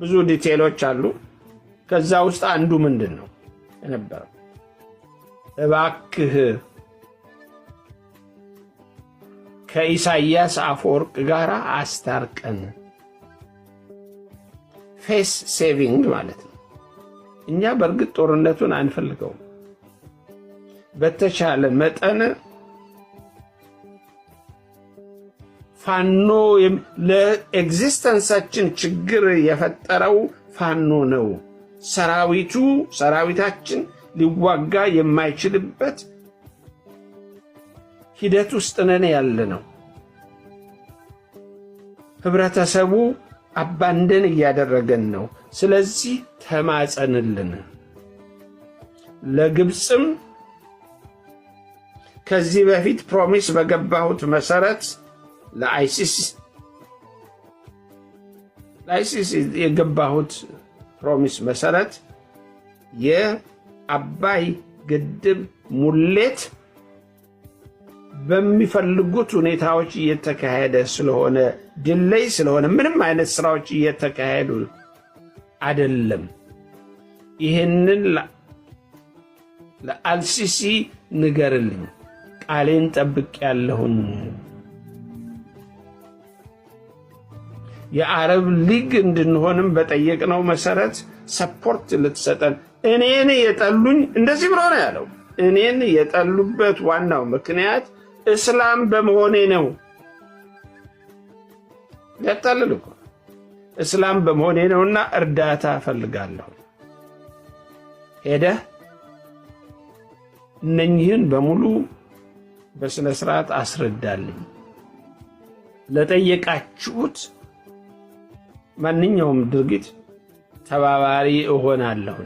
ብዙ ዲቴሎች አሉ። ከዛ ውስጥ አንዱ ምንድን ነው የነበረው? እባክህ ከኢሳያስ አፈወርቅ ጋር አስታርቀን። ፌስ ሴቪንግ ማለት ነው። እኛ በእርግጥ ጦርነቱን አንፈልገውም። በተቻለ መጠን ፋኖ ለኤግዚስተንሳችን ችግር የፈጠረው ፋኖ ነው። ሰራዊቱ ሰራዊታችን ሊዋጋ የማይችልበት ሂደት ውስጥ ነን ያለ ነው። ህብረተሰቡ አባንደን እያደረገን ነው። ስለዚህ ተማጸንልን። ለግብፅም ከዚህ በፊት ፕሮሚስ በገባሁት መሰረት ለአይሲስ ለአይሲስ የገባሁት ፕሮሚስ መሰረት የአባይ ግድብ ሙሌት በሚፈልጉት ሁኔታዎች እየተካሄደ ስለሆነ ድለይ ስለሆነ ምንም አይነት ስራዎች እየተካሄዱ አይደለም። ይህንን ለአልሲሲ ንገርልኝ፣ ቃሌን ያለሁን የአረብ ሊግ እንድንሆንም በጠየቅነው መሰረት ሰፖርት ልትሰጠን እኔን የጠሉኝ እንደዚህ ብሎ ነው ያለው። እኔን የጠሉበት ዋናው ምክንያት እስላም በመሆኔ ነው። ያጣልል እኮ እስላም በመሆኔ ነውና እርዳታ እፈልጋለሁ። ሄደህ እነኚህን በሙሉ በስነ ስርዓት አስረዳልኝ ለጠየቃችሁት ማንኛውም ድርጊት ተባባሪ እሆናለሁ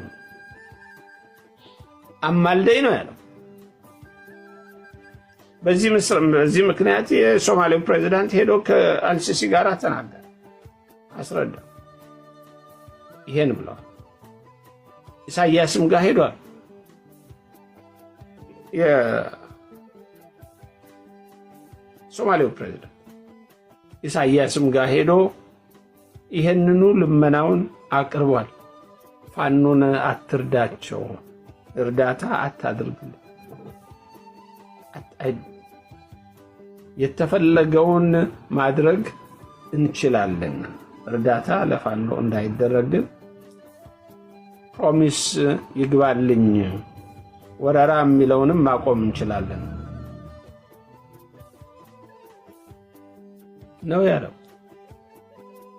አማልደኝ ነው ያለው። በዚህ ምክንያት የሶማሌው ፕሬዚዳንት ሄዶ ከአልሲሲ ጋር ተናገር አስረዳ። ይሄን ብለዋል። ኢሳያስም ጋር ሄዷል። የሶማሌው ፕሬዚዳንት ኢሳያስም ጋር ሄዶ ይህንኑ ልመናውን አቅርቧል። ፋኖን አትርዳቸው፣ እርዳታ አታድርግልን። የተፈለገውን ማድረግ እንችላለን። እርዳታ ለፋኖ እንዳይደረግን ፕሮሚስ ይግባልኝ፣ ወረራ የሚለውንም ማቆም እንችላለን ነው ያለው።